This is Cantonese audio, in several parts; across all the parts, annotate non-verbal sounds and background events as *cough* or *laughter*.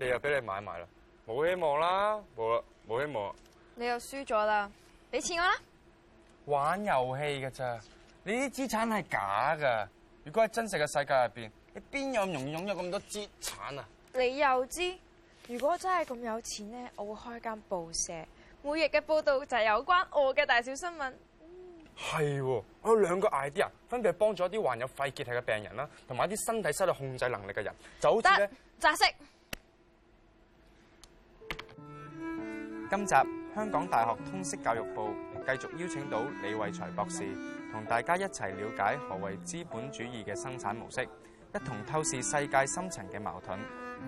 你又俾你買埋啦，冇希望啦，冇啦，冇希望了。你又輸咗啦，俾錢我啦。玩遊戲㗎咋？你啲資產係假㗎。如果喺真實嘅世界入邊，你邊有容易擁有咁多資產啊？你又知？如果真係咁有錢咧，我會開間報社，每日嘅報道就係有關我嘅大小新聞。係、嗯、喎，我有兩個 idea 分別幫助一啲患有肺結核嘅病人啦，同埋一啲身體失去控制能力嘅人，就好似行呢扎色。今集香港大學通識教育部繼續邀請到李偉才博士，同大家一齊了解何謂資本主義嘅生產模式，一同透視世界深層嘅矛盾，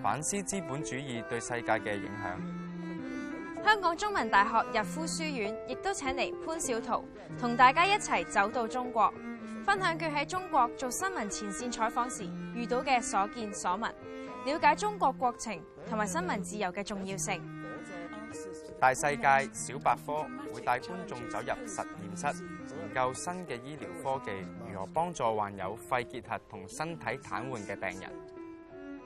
反思資本主義對世界嘅影響。香港中文大學逸夫書院亦都請嚟潘小濤，同大家一齊走到中國，分享佢喺中國做新聞前線採訪時遇到嘅所見所聞，了解中國國情同埋新聞自由嘅重要性。大世界小百科會帶觀眾走入實驗室，研究新嘅醫療科技如何幫助患有肺結核同身體癱瘓嘅病人。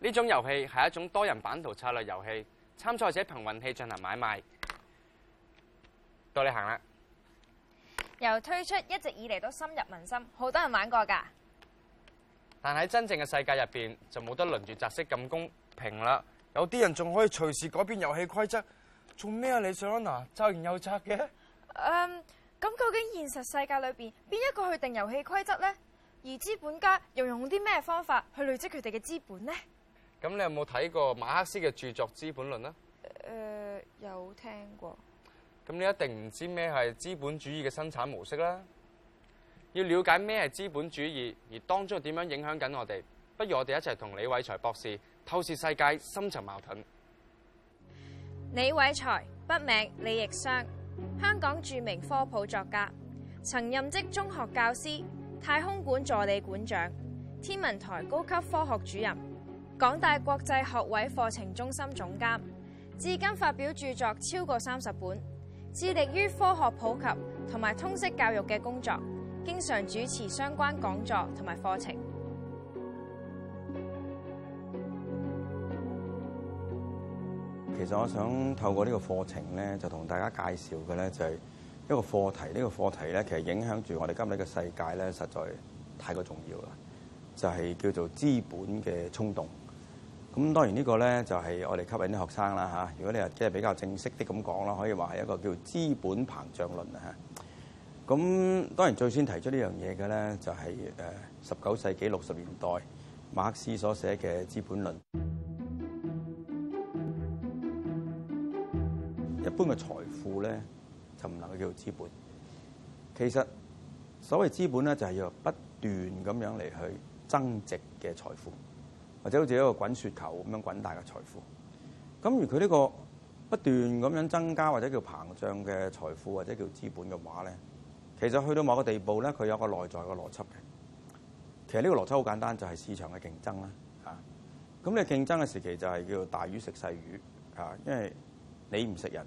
呢種遊戲係一種多人版圖策略遊戲，參賽者憑運氣進行買賣。到你行啦！由推出一直以嚟都深入民心，好多人玩過噶。但喺真正嘅世界入邊，就冇得輪住擲色咁公平啦。有啲人仲可以隨時改變遊戲規則，做咩啊？你想啊，嗱，周言有策嘅。嗯，咁究竟現實世界裏邊，邊一個去定遊戲規則咧？而資本家又用啲咩方法去累積佢哋嘅資本咧？咁你有冇睇過馬克思嘅著作《資本論》啊？誒，有聽過。咁你一定唔知咩係資本主義嘅生產模式啦。要了解咩係資本主義，而當中點樣影響緊我哋？不如我哋一齊同李偉才博士透視世界深層矛盾。李偉才，筆名李逆熵，香港著名科普作家，曾任職中學教師、太空館助理館長、天文台高級科學主任、港大國際學位課程中心總監，至今發表著作超過三十本，致力於科學普及同埋通識教育嘅工作，經常主持相關講座同埋課程。其實我想透過呢個課程咧，就同大家介紹嘅咧就係、是、一個課題。呢、這個課題咧，其實影響住我哋今日嘅世界咧，實在太過重要啦。就係、是、叫做資本嘅衝動。咁當然這個呢個咧就係、是、我哋吸引啲學生啦嚇。如果你話即係比較正式啲咁講啦，可以話係一個叫資本膨脹論啊。咁當然最先提出這件事呢樣嘢嘅咧，就係誒十九世紀六十年代馬克思所寫嘅《資本論》。一般嘅財富咧就唔能夠叫做資本。其實所謂資本咧就係要不斷咁樣嚟去增值嘅財富，或者好似一個滾雪球咁樣滾大嘅財富。咁而佢呢個不斷咁樣增加或者叫膨脹嘅財富或者叫資本嘅話咧，其實去到某個地步咧，佢有個內在嘅邏輯嘅。其實呢個邏輯好簡單，就係市場嘅競爭啦。嚇！咁你競爭嘅時期就係叫做大魚食細魚，嚇！因為你唔食人。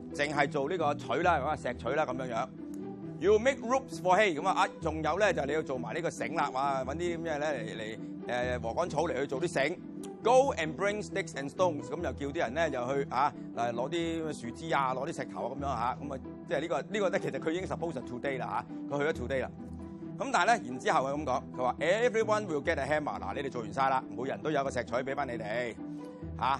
淨係做呢個錘啦，哇，石錘啦咁樣樣。You make ropes for him，咁啊！仲有咧就你要做埋呢個繩啦，哇揾，啲咩咧嚟嚟誒禾杆草嚟去做啲繩。Go and bring sticks and stones，咁就叫啲人咧就去啊，嗱攞啲樹枝啊，攞啲石頭咁樣嚇咁啊！即係呢個呢個咧，其實佢已經 suppose to day 啦嚇，佢去咗 today 啦。咁但係咧，然之後啊咁講，佢話 Everyone will get a hammer。嗱，你哋做完晒啦，每人都有個石錘俾翻你哋嚇。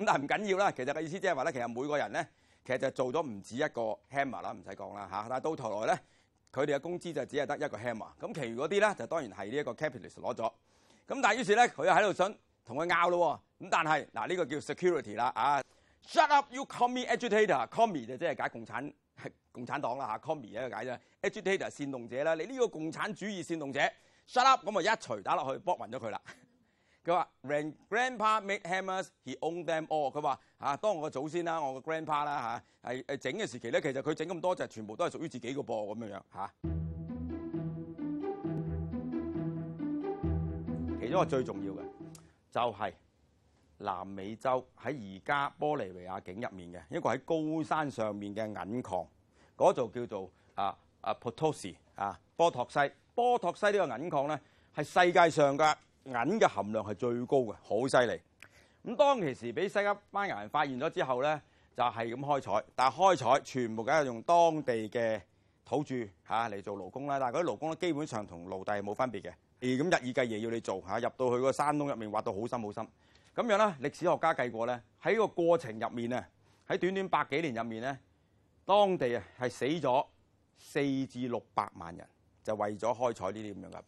咁但係唔緊要啦，其實嘅意思即係話咧，其實每個人咧，其實就做咗唔止一個 hammer 啦，唔使講啦嚇。但係到頭來咧，佢哋嘅工資就只係得一個 hammer。咁，其餘嗰啲咧，就當然係呢一個 capitalist 攞咗。咁但係於是咧，佢又喺度想同佢拗咯。咁但係嗱，呢個叫 security 啦啊，shut up，you call me agitator，commie 就即係解共產共產黨啦嚇，commie 一個解啫，agitator 煽動者啦。你呢個共產主義煽動者，shut up，咁啊一錘打落去，搏暈咗佢啦。佢話 When grandpa made hammers, he owned them all。佢話：嚇，當我嘅祖先啦，我嘅 grandpa 啦嚇，係係整嘅時期咧，其實佢整咁多隻全部都係屬於自己嘅噃，咁樣樣嚇。嗯、其中一個最重要嘅就係南美洲喺而家玻利維亞境入面嘅一個喺高山上面嘅銀礦，嗰度叫做啊啊 Potosi 啊波托西。波托西呢個銀礦咧，係世界上嘅銀嘅含量係最高嘅，好犀利。咁當其時俾西班牙人發現咗之後咧，就係咁開採，但係開採全部都係用當地嘅土著嚇嚟做勞工啦。但係啲勞工咧基本上同奴隸係冇分別嘅，咁日以繼夜要你做嚇，入到去個山洞入面挖到好深好深。咁樣咧，歷史學家計過咧，喺個過程入面咧，喺短短百幾年入面咧，當地啊係死咗四至六百萬人，就為咗開採呢啲咁樣嘅。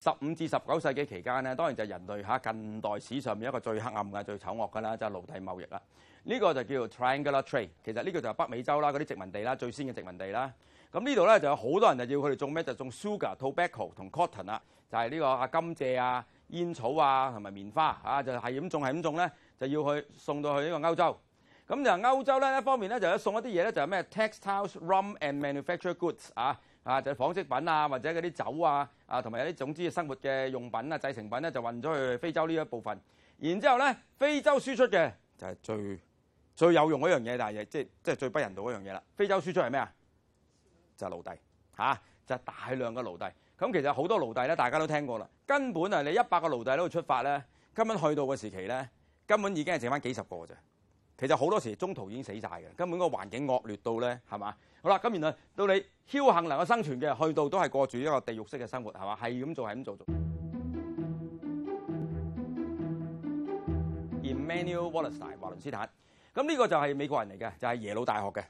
十五至十九世紀期間咧，當然就係人類吓近代史上面一個最黑暗、最醜惡噶啦，就係奴隸貿易啦。呢個就叫做 triangular trade。其實呢個就係北美洲啦，嗰啲殖民地啦，最先嘅殖民地啦。咁呢度咧就有好多人就要佢哋種咩？就種 sugar、tobacco、同 cotton 啊，就係呢個啊甘蔗啊、煙草啊、同埋棉花啊，就係咁種，係咁種咧，就要去送到去呢個歐洲。咁就歐洲咧，一方面咧就咧送一啲嘢咧，就係咩 textiles、rum and manufactured goods 啊。啊，就係、紡織品啊，或者嗰啲酒啊，啊，同埋有啲總之生活嘅用品啊、製成品咧、啊，就運咗去非洲呢一部分。然之後咧，非洲輸出嘅就係最最有用嘅一樣嘢，但係亦即係即係最不人道嘅一樣嘢啦。非洲輸出係咩、就係、啊？就奴隸嚇，就大量嘅奴隸。咁、啊、其實好多奴隸咧，大家都聽過啦。根本啊，你一百個奴隸喺度出發咧，根本去到嘅時期咧，根本已經係剩翻幾十個啫。其實好多時中途已經死晒嘅，根本個環境惡劣到咧，係嘛？好啦，咁原來到你僥幸能夠生存嘅，去到都係過住一個地獄式嘅生活，係嘛？係咁做，係咁做做。做 Immanuel Wallerstein，華倫斯坦。咁呢個就係美國人嚟嘅，就係、是、耶魯大學嘅。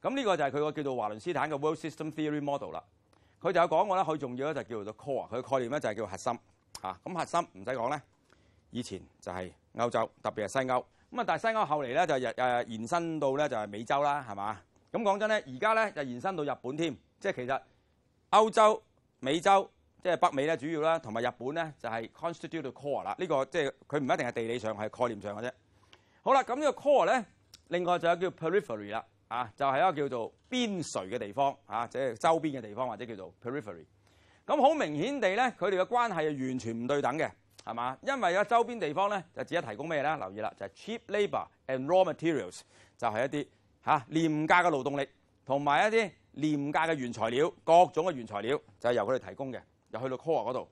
咁呢個就係佢個叫做華倫斯坦嘅 World System Theory Model 啦。佢就有講過咧，佢重要咧就是叫做 Core，佢嘅概念咧就係叫核心嚇。咁核心唔使講咧，以前就係歐洲，特別係西歐。咁啊，但係西歐後嚟咧就日誒延伸到咧就係美洲啦，係嘛？咁講真咧，而家咧就延伸到日本添，即係其實歐洲、美洲，即係北美咧主要啦，同埋日本咧就係 constituted core 啦、這個，呢個即係佢唔一定係地理上係概念上嘅啫。好啦，咁、這、呢個 core 咧，另外就有叫 periphery 啦，啊，就係一個叫做邊陲嘅地方，啊，即係周邊嘅地方或者叫做 periphery。咁好明顯地咧，佢哋嘅關係係完全唔對等嘅，係嘛？因為有周邊地方咧就只係提供咩咧？留意啦，就係、是、cheap labor and raw materials，就係一啲。嚇廉價嘅勞動力同埋一啲廉價嘅原材料，各種嘅原材料就係、是、由佢哋提供嘅，又去到 core 嗰度。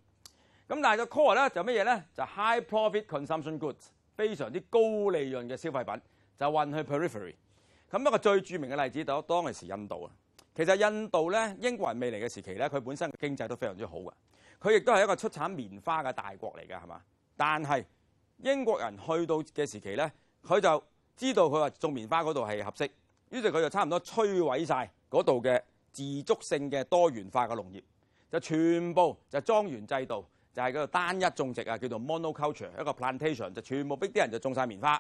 咁但係個 core 咧就乜嘢咧？就是、high profit consumption goods，非常之高利潤嘅消費品，就運去 periphery。咁一個最著名嘅例子就是當陣時印度啊。其實印度咧，英國人未嚟嘅時期咧，佢本身嘅經濟都非常之好嘅。佢亦都係一個出產棉花嘅大國嚟嘅，係嘛？但係英國人去到嘅時期咧，佢就知道佢話種棉花嗰度係合適，於是佢就差唔多摧毀晒嗰度嘅自足性嘅多元化嘅農業，就全部就莊園制度，就係嗰度單一種植啊，叫做 monoculture，一個 plantation，就全部逼啲人就種晒棉花。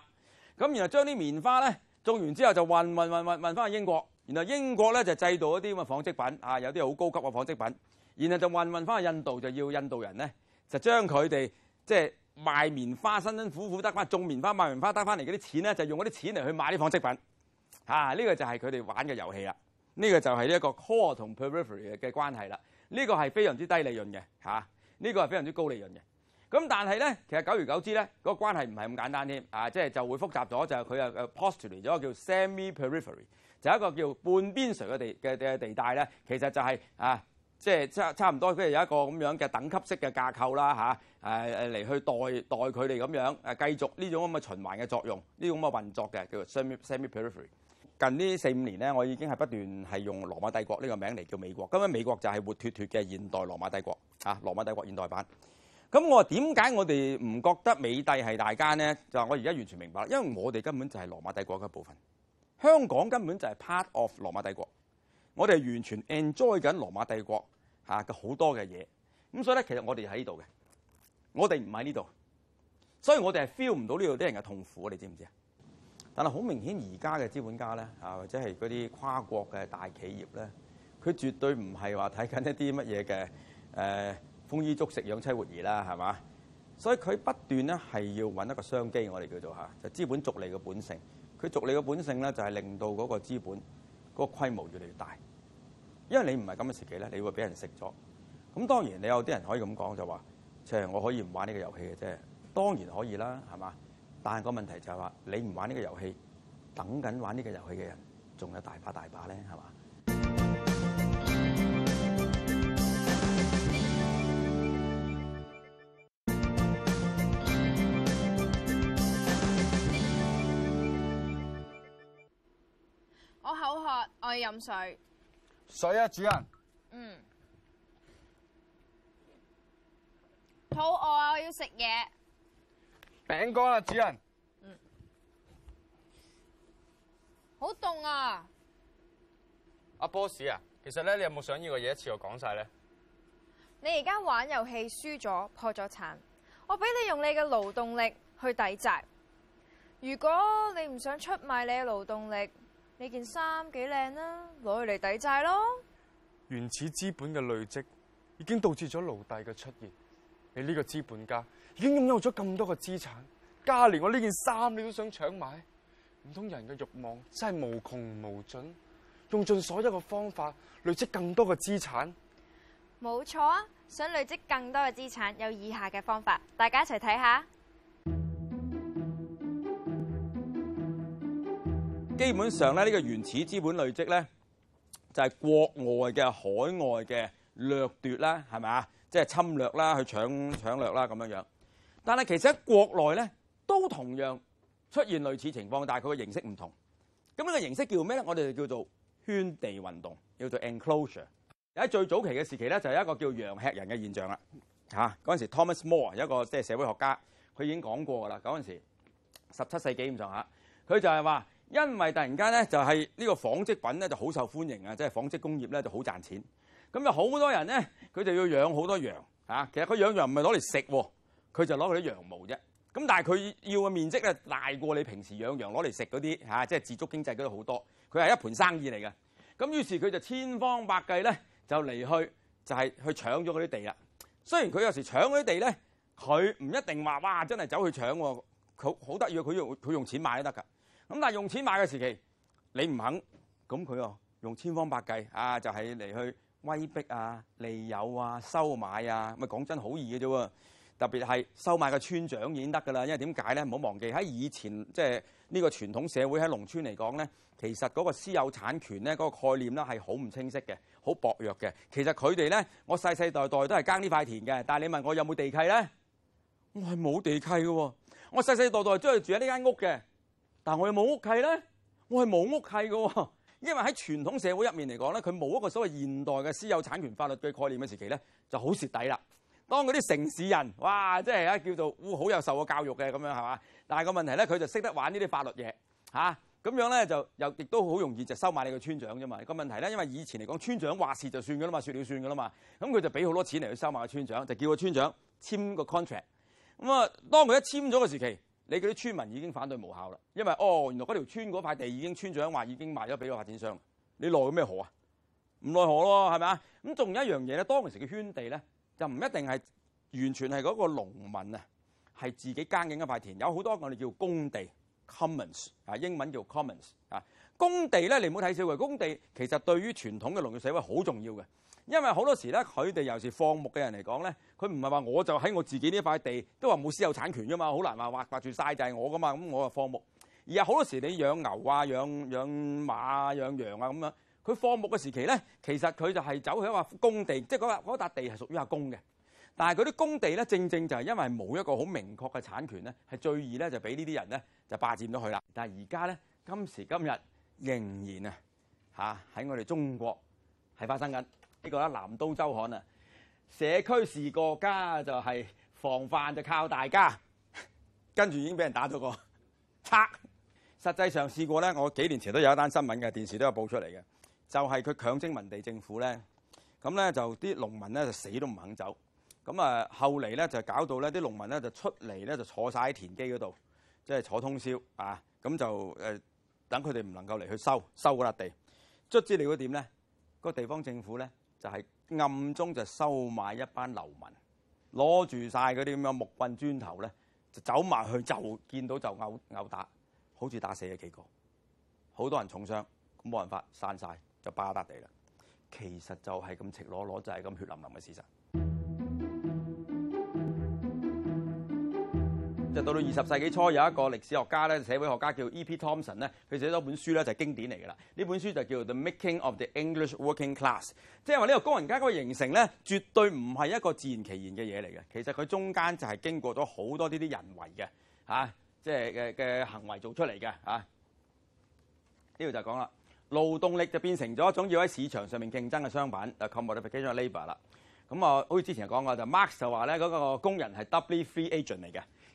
咁然後將啲棉花咧種完之後就運運運運運翻去英國，然後英國咧就製造一啲咁嘅紡織品啊，有啲好高級嘅紡織品，然後就運運翻去印度，就要印度人咧就將佢哋即係。賣棉花辛辛苦苦得返種棉花賣棉花得返嚟嗰啲錢咧，就用嗰啲錢嚟去買啲紡織品，嚇、啊、呢、這個就係佢哋玩嘅遊戲啦。呢、這個就係一個 core 同 periphery 嘅關係啦。呢、這個係非常之低利潤嘅，嚇、啊、呢、這個係非常之高利潤嘅。咁、啊、但係咧，其實久而久之咧，這個關係唔係咁簡單添，啊即係、就是、就會複雜咗，就係佢又 postulate 咗叫 semi-periphery，就是一個叫半邊陲嘅地嘅嘅地帶咧，其實就係、是、啊。即係差差唔多，佢有一個咁樣嘅等級式嘅架構啦嚇，誒誒嚟去代代佢哋咁樣，誒繼續呢種咁嘅循環嘅作用，呢種咁嘅運作嘅，叫做 semi semi-periphery。近呢四五年咧，我已經係不斷係用羅馬帝國呢、這個名嚟叫美國。咁樣美國就係活脫脫嘅現代羅馬帝國，嚇、啊、羅馬帝國現代版。咁我點解我哋唔覺得美帝係大家咧？就係我而家完全明白，因為我哋根本就係羅馬帝國嘅一部分，香港根本就係 part of 羅馬帝國。我哋係完全 enjoy 緊羅馬帝國嚇嘅好多嘅嘢，咁所以咧，其實我哋喺呢度嘅，我哋唔喺呢度，所以我哋係 feel 唔到呢度啲人嘅痛苦，你知唔知啊？但係好明顯，而家嘅資本家咧，啊或者係嗰啲跨國嘅大企業咧，佢絕對唔係話睇緊一啲乜嘢嘅誒，豐衣足食養妻活兒啦，係嘛？所以佢不斷咧係要揾一個商機，我哋叫做嚇就係資本逐利嘅本性。佢逐利嘅本性咧就係令到嗰個資本嗰個規模越嚟越大。因為你唔係咁嘅時期咧，你會俾人食咗。咁當然你有啲人可以咁講，就話即係我可以唔玩呢個遊戲嘅啫，當然可以啦，係嘛？但係個問題就係話你唔玩呢個遊戲，等緊玩呢個遊戲嘅人仲有大把大把咧，係嘛？我口渴，我要飲水。水啊，主人。嗯。肚餓啊，我要食嘢。餅乾啊，主人。嗯。好凍啊！阿 boss 啊，啊，其實咧，你有冇想要嘅嘢一次就講晒咧？呢你而家玩遊戲輸咗，破咗產，我俾你用你嘅勞動力去抵債。如果你唔想出賣你嘅勞動力。你件衫幾靚啦，攞去嚟抵債咯。原始資本嘅累積已經導致咗奴隸嘅出現。你呢個資本家已經擁有咗咁多嘅資產，加連我呢件衫你都想搶埋？唔通，人嘅欲望真係無窮無盡，用盡所有嘅方法累積更多嘅資產？冇錯啊！想累積更多嘅資產，有以下嘅方法，大家一齊睇下。基本上咧，呢個原始資本累積咧，就係國外嘅海外嘅掠奪啦，係咪啊？即係侵略啦，去搶搶掠啦咁樣樣。但係其實喺國內咧，都同樣出現類似情況，但係佢嘅形式唔同。咁呢個形式叫咩咧？我哋就叫做圈地運動，叫做 enclosure。喺最早期嘅時期咧，就係一個叫羊吃人嘅現象啦。嚇嗰陣時，Thomas More 係一個即係社會學家，佢已經講過噶啦。嗰陣時，十七世紀咁上下，佢就係話。因為突然間咧，就係呢個紡織品咧就好受歡迎啊！即係紡織工業咧就好賺錢咁，有好多人咧佢就要養好多羊嚇。其實佢養羊唔係攞嚟食喎，佢就攞佢啲羊毛啫。咁但係佢要嘅面積咧大過你平時養羊攞嚟食嗰啲嚇，即係、就是、自足經濟嗰啲好多。佢係一盤生意嚟嘅。咁於是佢就千方百計咧就嚟去就係、是、去搶咗嗰啲地啦。雖然佢有時搶嗰啲地咧，佢唔一定話哇真係走去搶喎，佢好得意啊！佢用佢用錢買都得㗎。咁但係用錢買嘅時期，你唔肯，咁佢啊，用千方百計啊，就係嚟去威逼啊、利誘啊、收買啊，咪講真好易嘅啫喎！特別係收買個村長已經得噶啦，因為點解咧？唔好忘記喺以前即係呢個傳統社會喺農村嚟講咧，其實嗰個私有產權咧嗰個概念咧係好唔清晰嘅，好薄弱嘅。其實佢哋咧，我世世代代都係耕呢塊田嘅，但係你問我有冇地契咧，我係冇地契嘅，我世世代代都係住喺呢間屋嘅。嗱，我又冇屋契咧，我係冇屋契嘅喎，因為喺傳統社會入面嚟講咧，佢冇一個所謂現代嘅私有產權法律嘅概念嘅時期咧，就好蝕底啦。當嗰啲城市人，哇，即係啊，叫做，烏好有受過教育嘅咁樣係嘛？但係個問題咧，佢就識得玩呢啲法律嘢嚇，咁、啊、樣咧就又亦都好容易就收買你個村長啫嘛。個問題咧，因為以前嚟講，村長話事就算㗎啦嘛，説了算㗎啦嘛，咁佢就俾好多錢嚟去收買個村長，就叫個村長簽個 contract。咁啊，當佢一簽咗個時期。你嗰啲村民已經反對無效啦，因為哦原來嗰條村嗰塊地已經村長話已經賣咗俾個發展商，你奈佢咩何啊？唔奈何咯，係咪啊？咁仲有一樣嘢咧，當時嘅圈地咧就唔一定係完全係嗰個農民啊，係自己耕緊一塊田，有好多我哋叫公地 commons 啊，ins, 英文叫 commons 啊。工地咧，你唔好睇小佢。工地其實對於傳統嘅農業社會好重要嘅，因為好多時咧，佢哋尤其是放牧嘅人嚟講咧，佢唔係話我就喺我自己呢塊地，都話冇私有產權噶嘛，好難話劃劃住晒就我噶嘛，咁我就放牧。而係好多時你養牛啊、養養馬啊、養羊啊咁樣，佢放牧嘅時期咧，其實佢就係走喺話工地，即係嗰嗰笪地係屬於阿公嘅。但係啲工地咧，正正就係因為冇一個好明確嘅產權咧，係最易咧就俾呢啲人咧就霸佔咗佢啦。但係而家咧，今時今日。仍然啊，嚇喺我哋中國係發生緊呢個啦，南都周刊啊！社區是個家，就係防範就靠大家。跟住已經俾人打咗個叉。哈哈，實際上試過咧，我幾年前都有一單新聞嘅電視都有報出嚟嘅，就係佢強徵民地，政府咧，咁咧就啲農民咧就死都唔肯走。咁啊後嚟咧就搞到咧啲農民咧就出嚟咧就坐晒喺田基嗰度，即係坐通宵啊！咁就誒。等佢哋唔能夠嚟去收收嗰笪地，卒之你會點咧？個地方政府咧就係暗中就收買一班流民，攞住晒嗰啲咁樣木棍磚頭咧，就走埋去就見到就毆毆打，好似打死咗幾個，好多人重傷，冇辦法散晒，就巴嗒地啦。其實就係咁赤裸裸，就係、是、咁血淋淋嘅事實。到到二十世紀初，有一個歷史學家咧、社會學家叫 E.P. Thompson 咧，佢寫咗本書咧，就係、是、經典嚟嘅啦。呢本書就叫做《The Making of the English Working Class》，即係話呢個工人階級嘅形成咧，絕對唔係一個自然其然嘅嘢嚟嘅。其實佢中間就係經過咗好多呢啲人為嘅嚇，即係嘅嘅行為做出嚟嘅嚇。呢、啊、度就講啦，勞動力就變成咗一種要喺市場上面競爭嘅商品，就 commodity of labour 啦。咁啊，我好似之前講過就 Marx 就話咧，嗰、那個工人係 double free agent 嚟嘅。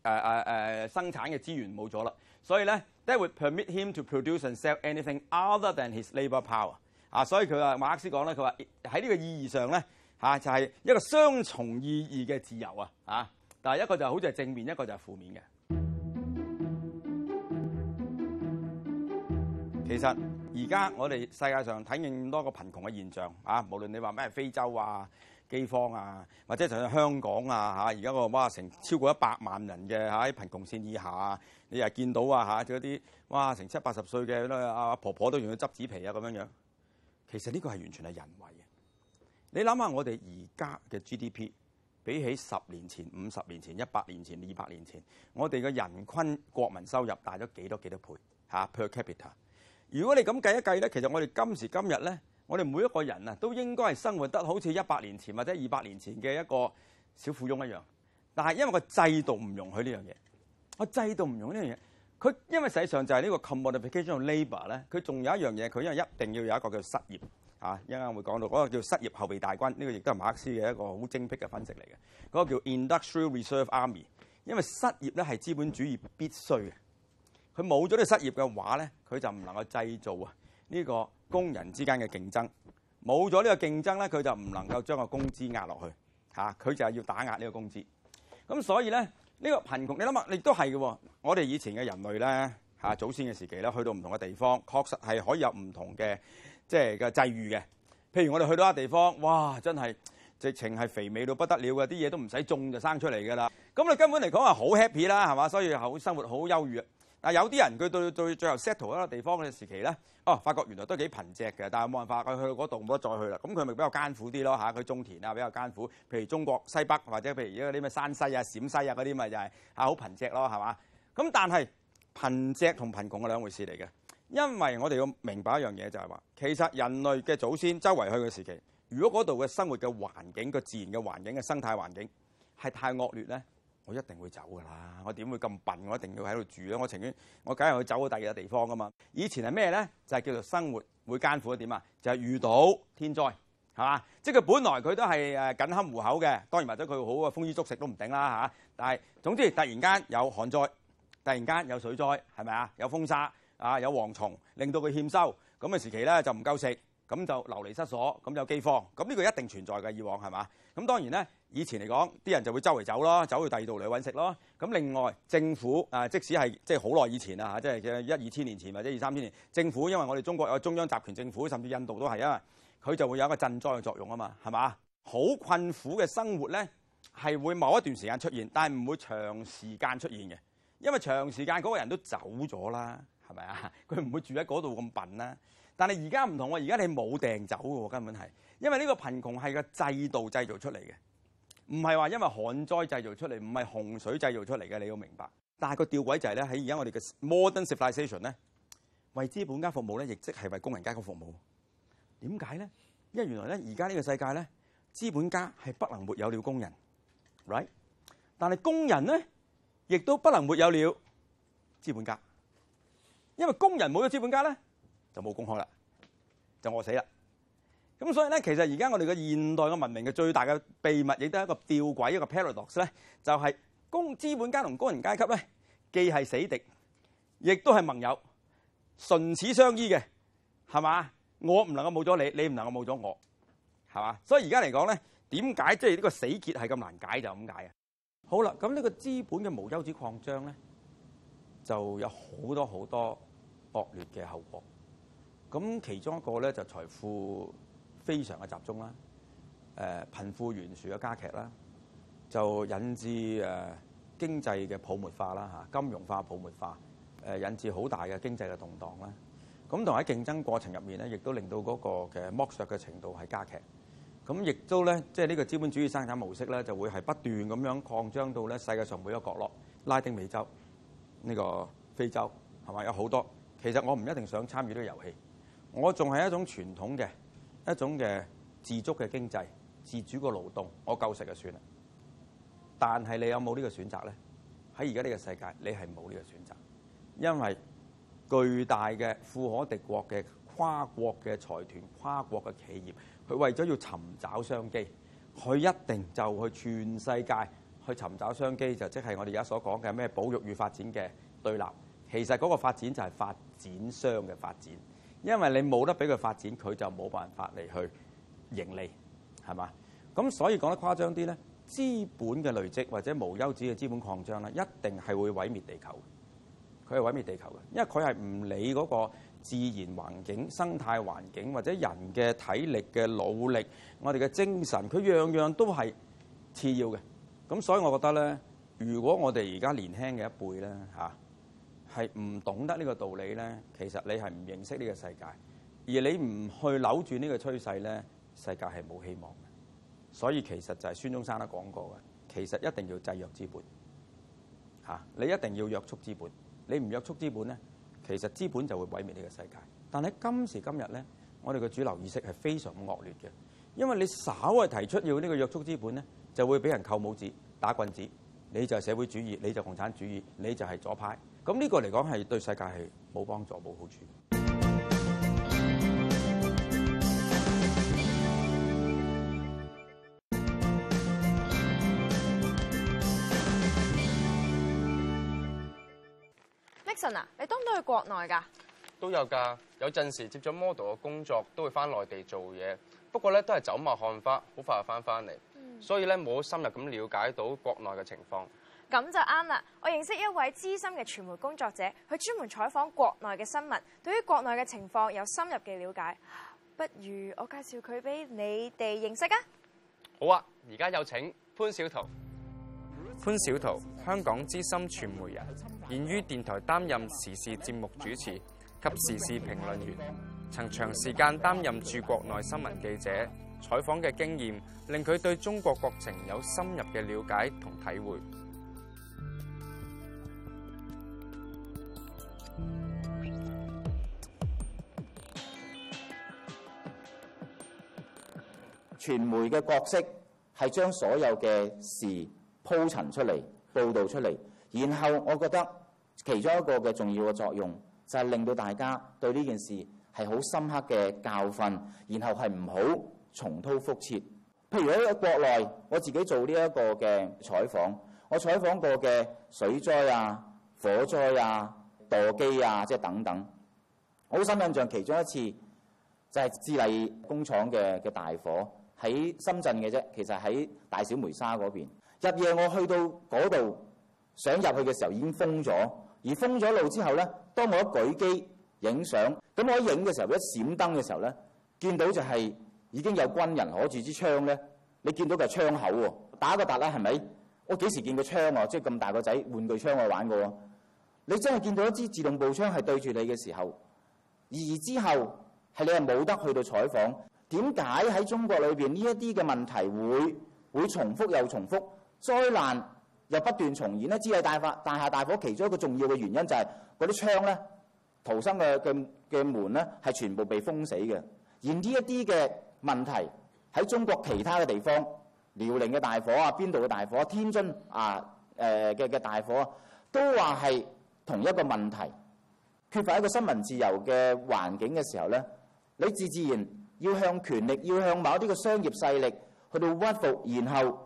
誒誒誒，uh, uh, uh, 生產嘅資源冇咗啦，所以咧，that would permit him to produce and sell anything other than his labour power 啊、uh，所以佢話馬克思講咧，佢話喺呢個意義上咧嚇、啊、就係、是、一個雙重意義嘅自由啊啊，但係一個就好似係正面，一個就係負面嘅。其實而家我哋世界上睇見咁多個貧窮嘅現象啊，無論你話咩係非洲啊。饑荒啊，或者就喺香港啊，嚇，而家個哇成超過一百萬人嘅嚇喺貧窮線以下啊，你又見到啊，嚇嗰啲哇成七八十歲嘅阿婆婆都用咗執紙皮啊咁樣樣，其實呢個係完全係人為嘅。你諗下我哋而家嘅 GDP 比起十年前、五十年前、一百年前、二百年前，我哋嘅人均國民收入大咗幾多幾多倍吓 per capita。如果你咁計一計咧，其實我哋今時今日咧。我哋每一個人啊都應該係生活得好似一百年前或者二百年前嘅一個小富翁一樣，但係因為個制度唔容許呢樣嘢，個制度唔容許呢樣嘢。佢因為實際上就係呢個 commodification of labour 咧，佢仲有一樣嘢，佢因為一定要有一個叫失業啊，一陣間會，會講到嗰、那個叫失業後備大軍，呢、這個亦都係馬克思嘅一個好精闢嘅分析嚟嘅。嗰、那個叫 industrial reserve army，因為失業咧係資本主義必須嘅，佢冇咗呢個失業嘅話咧，佢就唔能夠製造啊、這、呢個。工人之間嘅競爭，冇咗呢個競爭咧，佢就唔能夠將個工資壓落去嚇，佢就係要打壓呢個工資。咁所以咧，呢個貧窮，你諗啊，亦都係嘅。我哋以前嘅人類咧嚇，祖先嘅時期咧，去到唔同嘅地方，確實係可以有唔同嘅即係嘅際遇嘅。譬如我哋去到一地方，哇，真係直情係肥美到不得了嘅，啲嘢都唔使種就生出嚟嘅啦。咁你根本嚟講係好 happy 啦，係嘛？所以好生活很，好優裕啊！嗱有啲人佢到到最後 settle 一個地方嘅時期咧，哦，發覺原來都幾貧瘠嘅，但係冇辦法佢去嗰度，冇得再去啦。咁佢咪比較艱苦啲咯嚇？佢種田啊比較艱苦，譬如中國西北或者譬如而家啲咩山西啊、陝西啊嗰啲咪就係啊好貧瘠咯係嘛？咁但係貧瘠同貧窮係兩回事嚟嘅，因為我哋要明白一樣嘢就係話，其實人類嘅祖先周圍去嘅時期，如果嗰度嘅生活嘅環境、個自然嘅環境嘅生態環境係太惡劣咧。我一定會走㗎啦！我點會咁笨？我一定要喺度住。我情願我梗係去走個第二個地方㗎嘛。以前係咩呢？就係叫做生活會艱苦點啊，就係、是、遇到天災，即係佢本來佢都係誒緊慳糊口嘅。當然或者佢好啊，豐衣足食都唔頂啦。但係總之突然間有旱災，突然間有水災，係咪啊？有風沙啊，有蝗蟲，令到佢欠收咁嘅時期呢，就唔夠食。咁就流離失所，咁就有饑荒，咁呢個一定存在嘅，以往係嘛？咁當然呢，以前嚟講，啲人就會周圍走咯，走去第二度嚟揾食咯。咁另外，政府啊，即使係即係好耐以前啊吓，即係一二千年前或者二三千年，政府因為我哋中國有中央集權政府，甚至印度都係，因為佢就會有一個賑災嘅作用啊嘛，係嘛？好困苦嘅生活呢，係會某一段時間出現，但係唔會長時間出現嘅，因為長時間嗰個人都走咗啦，係咪啊？佢唔會住喺嗰度咁笨啦。但係而家唔同喎，而家你冇掟走嘅喎，根本係，因為呢個貧窮係個制度製造出嚟嘅，唔係話因為旱災製造出嚟，唔係洪水製造出嚟嘅，你要明白。但係個吊詭就係、是、咧，喺而家我哋嘅 modern civilization 咧，為資本家服務咧，亦即係為工人階級服務。點解咧？因為原來咧，而家呢個世界咧，資本家係不能沒有了工人，right？但係工人咧，亦都不能沒有了資本家，因為工人冇咗資本家咧。就冇公開啦，就餓死啦。咁所以咧，其實而家我哋嘅現代嘅文明嘅最大嘅秘密，亦都係一個吊詭一個 paradox 咧，就係資本家同工人階級咧，既係死敵，亦都係盟友，唇齒相依嘅，係嘛？我唔能夠冇咗你，你唔能夠冇咗我，係嘛？所以而家嚟講咧，點解即係呢個死結係咁難解就咁解啊？好啦，咁呢個資本嘅無休止擴張咧，就有好多好多惡劣嘅後果。咁其中一個咧就財富非常嘅集中啦，誒貧富懸殊嘅加劇啦，就引致誒經濟嘅泡沫化啦嚇，金融化泡沫化誒引致好大嘅經濟嘅動盪啦。咁同喺競爭過程入面咧，亦都令到嗰個嘅剝削嘅程度係加劇。咁亦都咧，即係呢個資本主義生產模式咧，就會係不斷咁樣擴張到咧世界上每一個角落，拉丁美洲呢、呢個非洲係咪有好多？其實我唔一定想參與呢個遊戲。我仲係一種傳統嘅一種嘅自足嘅經濟自主個勞動，我夠食就算啦。但係你有冇呢個選擇咧？喺而家呢個世界，你係冇呢個選擇，因為巨大嘅富可敵國嘅跨國嘅財團、跨國嘅企業，佢為咗要尋找商機，佢一定就去全世界去尋找商機，就即係我哋而家所講嘅咩保育與發展嘅對立。其實嗰個發展就係發展商嘅發展。因為你冇得俾佢發展，佢就冇辦法嚟去盈利，係嘛？咁所以講得誇張啲呢，資本嘅累積或者無休止嘅資本擴張呢，一定係會毀滅地球。佢係毀滅地球嘅，因為佢係唔理嗰個自然環境、生態環境或者人嘅體力嘅努力，我哋嘅精神，佢樣樣都係次要嘅。咁所以我覺得呢，如果我哋而家年輕嘅一輩呢，嚇，係唔懂得呢個道理呢？其實你係唔認識呢個世界，而你唔去扭轉呢個趨勢呢，世界係冇希望嘅。所以其實就係孫中山都講過嘅，其實一定要制約資本嚇，你一定要約束資本。你唔約束資本呢，其實資本就會毀滅呢個世界。但喺今時今日呢，我哋嘅主流意識係非常惡劣嘅，因為你稍為提出要呢個約束資本呢，就會俾人扣帽子、打棍子。你就係社會主義，你就共產主義，你就係左派。咁呢個嚟講係對世界係冇幫助冇好處的。Nixon 啊，你多唔多去國內㗎？都有㗎，有陣時接咗 model 嘅工作都會翻內地做嘢，不過咧都係走馬看花，好快就翻返嚟，嗯、所以咧冇深入咁了解到國內嘅情況。咁就啱啦。我認識一位資深嘅傳媒工作者，佢專門採訪國內嘅新聞，對於國內嘅情況有深入嘅了解。不如我介紹佢俾你哋認識啊。好啊，而家有請潘小濤。潘小濤，香港資深傳媒人，現於電台擔任時事節目主持及時事評論員，曾長時間擔任駐國內新聞記者，採訪嘅經驗令佢對中國國情有深入嘅了解同體會。傳媒嘅角色係將所有嘅事鋪陳出嚟，報道出嚟，然後我覺得其中一個嘅重要嘅作用就係令到大家對呢件事係好深刻嘅教訓，然後係唔好重蹈覆轍。譬如喺國內，我自己做呢一個嘅採訪，我採訪過嘅水災啊、火災啊。墮機啊，即係等等，我好深印象。其中一次就係、是、智利工廠嘅嘅大火，喺深圳嘅啫。其實喺大小梅沙嗰邊，日夜我去到嗰度想入去嘅時候已經封咗，而封咗路之後咧，當我一舉機影相，咁我一影嘅時候一閃燈嘅時候咧，見到就係已經有軍人攞住支槍咧。你見到就係槍口喎、哦，打個突啦，係咪？我幾時見過槍啊？即係咁大個仔玩具槍我玩過喎、啊。你真係見到一支自動步槍係對住你嘅時候，而之後係你係冇得去到採訪。點解喺中國裏邊呢一啲嘅問題會會重複又重複，災難又不斷重演呢？只係大發大廈大火，其中一個重要嘅原因就係嗰啲窗咧、逃生嘅嘅嘅門咧，係全部被封死嘅。而呢一啲嘅問題喺中國其他嘅地方，遼寧嘅大火啊，邊度嘅大火，天津啊、誒嘅嘅大火，啊，都話係。同一個問題，缺乏一個新聞自由嘅環境嘅時候咧，你自自然要向權力，要向某啲嘅商業勢力去到屈服，然後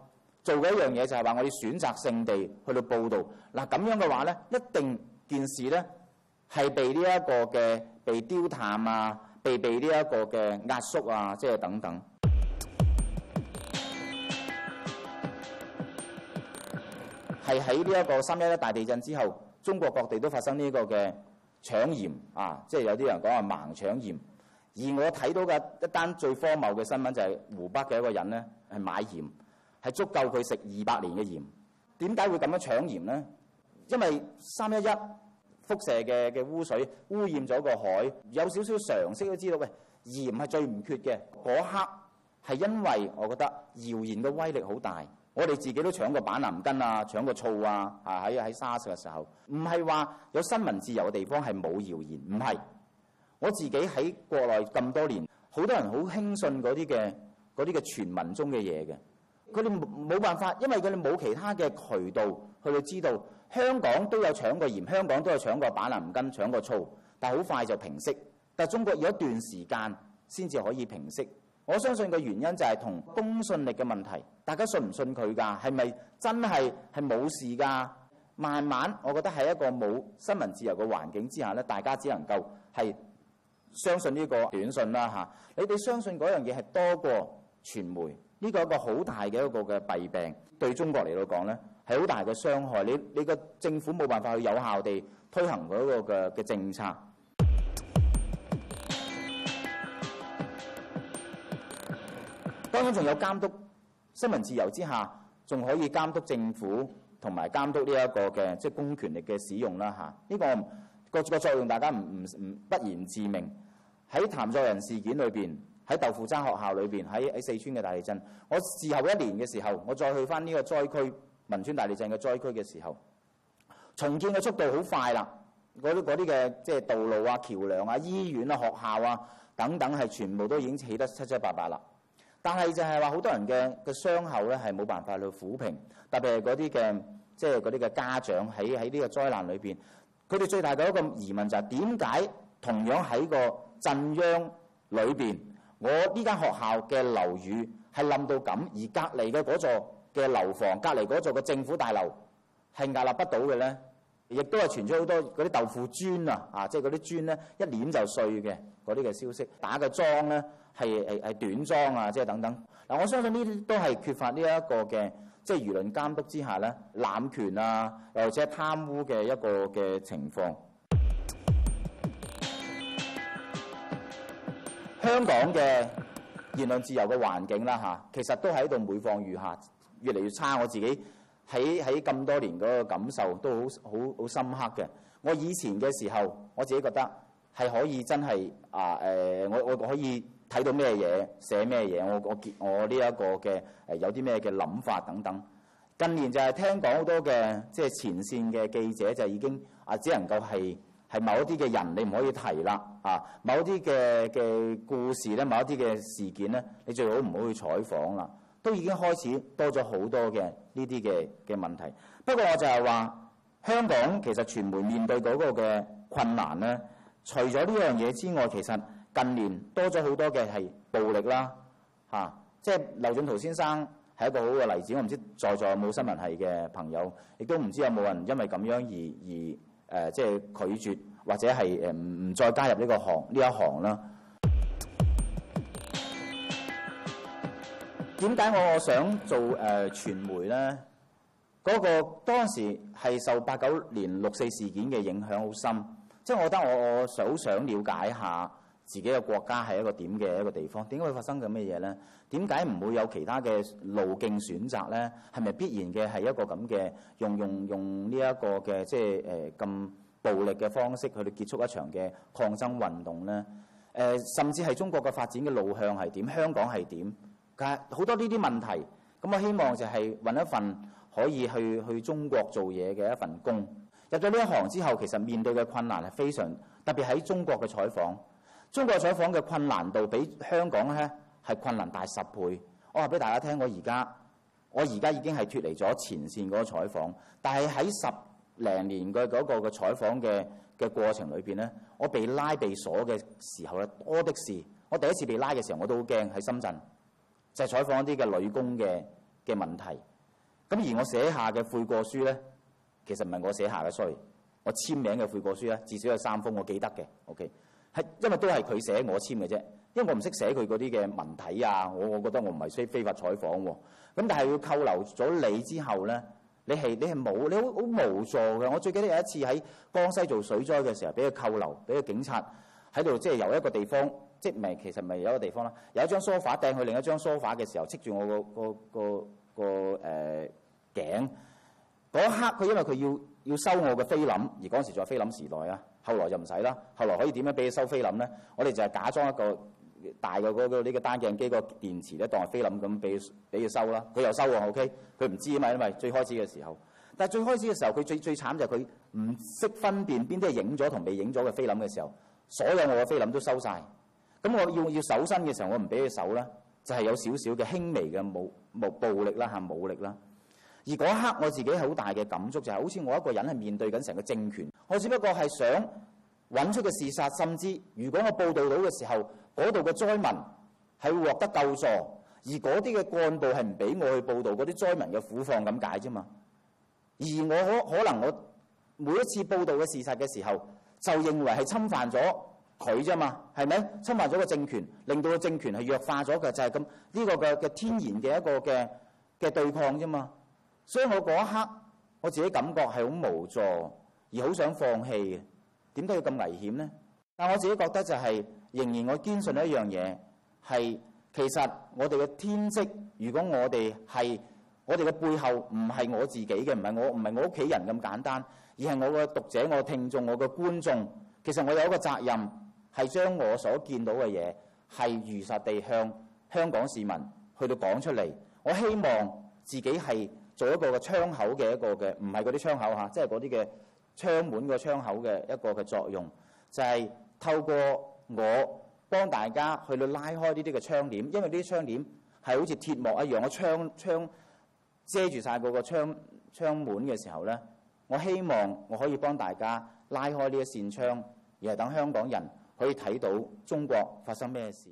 做嘅一樣嘢就係話，我要選擇性地去到報導。嗱，咁樣嘅話咧，一定件事咧係被呢一個嘅被丟淡啊，被被呢一個嘅壓縮啊，即係等等，係喺呢一個三一一大地震之後。中國各地都發生呢個嘅搶鹽啊！即係有啲人講話盲搶鹽，而我睇到嘅一單最荒謬嘅新聞就係湖北嘅一個人咧，係買鹽，係足夠佢食二百年嘅鹽。點解會咁樣搶鹽咧？因為三一一輻射嘅嘅污水污染咗個海，有少少常識都知道，喂，鹽係最唔缺嘅。嗰刻係因為我覺得謠言嘅威力好大。我哋自己都搶過板藍根啊，搶過醋啊，啊喺喺沙士嘅時候，唔係話有新聞自由嘅地方係冇謠言。唔係我自己喺國內咁多年，好多人好輕信嗰啲嘅啲嘅傳聞中嘅嘢嘅，佢哋冇辦法，因為佢哋冇其他嘅渠道去到知道。香港都有搶過鹽，香港都有搶過板藍根，搶過醋，但係好快就平息。但係中國有一段時間先至可以平息。我相信嘅原因就係同公信力嘅問題，大家信唔信佢㗎？係咪真係係冇事㗎？慢慢，我覺得喺一個冇新聞自由嘅環境之下咧，大家只能夠係相信呢個短訊啦嚇。你哋相信嗰樣嘢係多過傳媒，呢個一個好大嘅一個嘅弊病，對中國嚟到講咧係好大嘅傷害。你你個政府冇辦法去有效地推行嗰個嘅嘅政策。當然仲有監督新聞自由之下，仲可以監督政府同埋監督呢一個嘅即係公權力嘅使用啦。嚇，呢個個個作用大家唔唔唔不言自明。喺譚作人事件裏邊，喺豆腐渣學校裏邊，喺喺四川嘅大地震，我事後一年嘅時候，我再去翻呢個災區汶川大地震嘅災區嘅時候，重建嘅速度好快啦。嗰啲啲嘅即係道路啊、橋梁啊、醫院啊、學校啊等等係全部都已經起得七七八八啦。但係就係話好多人嘅嘅傷口咧係冇辦法去撫平，特別係嗰啲嘅即係啲嘅家長喺喺呢個災難裏邊，佢哋最大嘅一個疑問就係點解同樣喺個震央裏邊，我呢間學校嘅樓宇係冧到咁，而隔離嘅嗰座嘅樓房、隔離嗰座嘅政府大樓係屹立不倒嘅咧，亦都係傳咗好多嗰啲豆腐磚啊啊，即係嗰啲磚咧一碾就碎嘅嗰啲嘅消息，打個莊咧。係係係短裝啊！即係等等嗱，我相信呢啲都係缺乏呢一個嘅即係輿論監督之下咧濫權啊，又或者貪污嘅一個嘅情況。香港嘅言論自由嘅環境啦吓，其實都喺度每況愈下，越嚟越差。我自己喺喺咁多年嗰個感受都好好好深刻嘅。我以前嘅時候，我自己覺得係可以真係啊誒，我我可以。睇到咩嘢，寫咩嘢，我我結我呢一個嘅誒有啲咩嘅諗法等等。近年就係聽講好多嘅，即係前線嘅記者就已經啊，只能夠係係某一啲嘅人你唔可以提啦啊，某一啲嘅嘅故事咧，某一啲嘅事件咧，你最好唔好去採訪啦。都已經開始多咗好多嘅呢啲嘅嘅問題。不過我就係話，香港其實傳媒面對嗰個嘅困難咧，除咗呢樣嘢之外，其實。近年多咗好多嘅係暴力啦，嚇、啊，即係劉進圖先生係一個好嘅例子。我唔知道在座有冇新聞系嘅朋友，亦都唔知道有冇人因為咁樣而而誒、呃，即係拒絕或者係誒唔唔再加入呢個行呢一行啦。點解 *music* 我想做誒、呃、傳媒咧？嗰、那個當時係受八九年六四事件嘅影響好深，即係我覺得我好想了解一下。自己嘅國家係一個點嘅一個地方，點解會發生咁嘅嘢呢？點解唔會有其他嘅路徑選擇呢？係咪必然嘅係一個咁嘅用用用呢一個嘅即係誒咁暴力嘅方式去結束一場嘅抗爭運動呢？誒、呃，甚至係中國嘅發展嘅路向係點，香港係點？其實好多呢啲問題，咁我希望就係揾一份可以去去中國做嘢嘅一份工。入咗呢一行之後，其實面對嘅困難係非常特別喺中國嘅採訪。中國採訪嘅困難度比香港咧係困難大十倍。我話俾大家聽，我而家我而家已經係脱離咗前線嗰個採訪，但係喺十零年嘅嗰個嘅採訪嘅嘅過程裏邊咧，我被拉被鎖嘅時候咧多的是。我第一次被拉嘅時候，我都好驚，喺深圳就係採訪一啲嘅女工嘅嘅問題。咁而我寫下嘅悔過書咧，其實唔係我寫下嘅，sorry，我簽名嘅悔過書咧至少有三封我記得嘅，OK。係，因為都係佢寫我簽嘅啫。因為我唔識寫佢嗰啲嘅文體啊，我我覺得我唔係非非法採訪喎、啊。咁但係要扣留咗你之後咧，你係你係冇，你好好無助嘅。我最記得有一次喺江西做水災嘅時候，俾佢扣留，俾個警察喺度即係由一個地方即係咪其實咪有一個地方啦，有一張梳化掟去另一張梳化嘅時候，斥住我個個個個誒頸。嗰一刻佢因為佢要要收我嘅菲林，而嗰時仲係菲林時代啊。後來就唔使啦，後來可以點樣俾佢收菲林咧？我哋就係假裝一個大嘅嗰個呢個單鏡機個電池咧，當係菲林咁俾俾佢收啦。佢又收喎，OK？佢唔知啊嘛，因為最開始嘅時候。但係最開始嘅時候，佢最最慘就係佢唔識分辨邊啲係影咗同未影咗嘅菲林嘅時候，所有我嘅菲林都收晒。咁我要要搜身嘅時候，我唔俾佢搜啦，就係、是、有少少嘅輕微嘅武武暴力啦嚇武力啦。而嗰一刻我自己好大嘅感觸就係、是，好似我一個人係面對緊成個政權。我只不過係想揾出個事實，甚至如果我報導到嘅時候，嗰度嘅災民係會獲得救助，而嗰啲嘅幹部係唔俾我去報導嗰啲災民嘅苦況咁解啫嘛。而我可可能我每一次報導嘅事實嘅時候，就認為係侵犯咗佢啫嘛，係咪？侵犯咗個政權，令到個政權係弱化咗嘅，就係咁。呢個嘅嘅天然嘅一個嘅嘅對抗啫嘛。所以我嗰一刻我自己感覺係好無助。而好想放棄嘅，點解要咁危險呢？但我自己覺得就係仍然我堅信一樣嘢，係其實我哋嘅天職。如果我哋係我哋嘅背後唔係我自己嘅，唔係我唔係我屋企人咁簡單，而係我嘅讀者、我聽眾、我嘅觀眾。其實我有一個責任係將我所見到嘅嘢係如實地向香港市民去到講出嚟。我希望自己係做一個嘅窗口嘅一個嘅，唔係嗰啲窗口嚇，即係嗰啲嘅。窗門個窗口嘅一個嘅作用，就係透過我幫大家去到拉開呢啲嘅窗簾，因為呢啲窗簾係好似鐵幕一樣，我窗窗遮住晒個窗窗門嘅時候咧，我希望我可以幫大家拉開呢一扇窗，而係等香港人可以睇到中國發生咩事。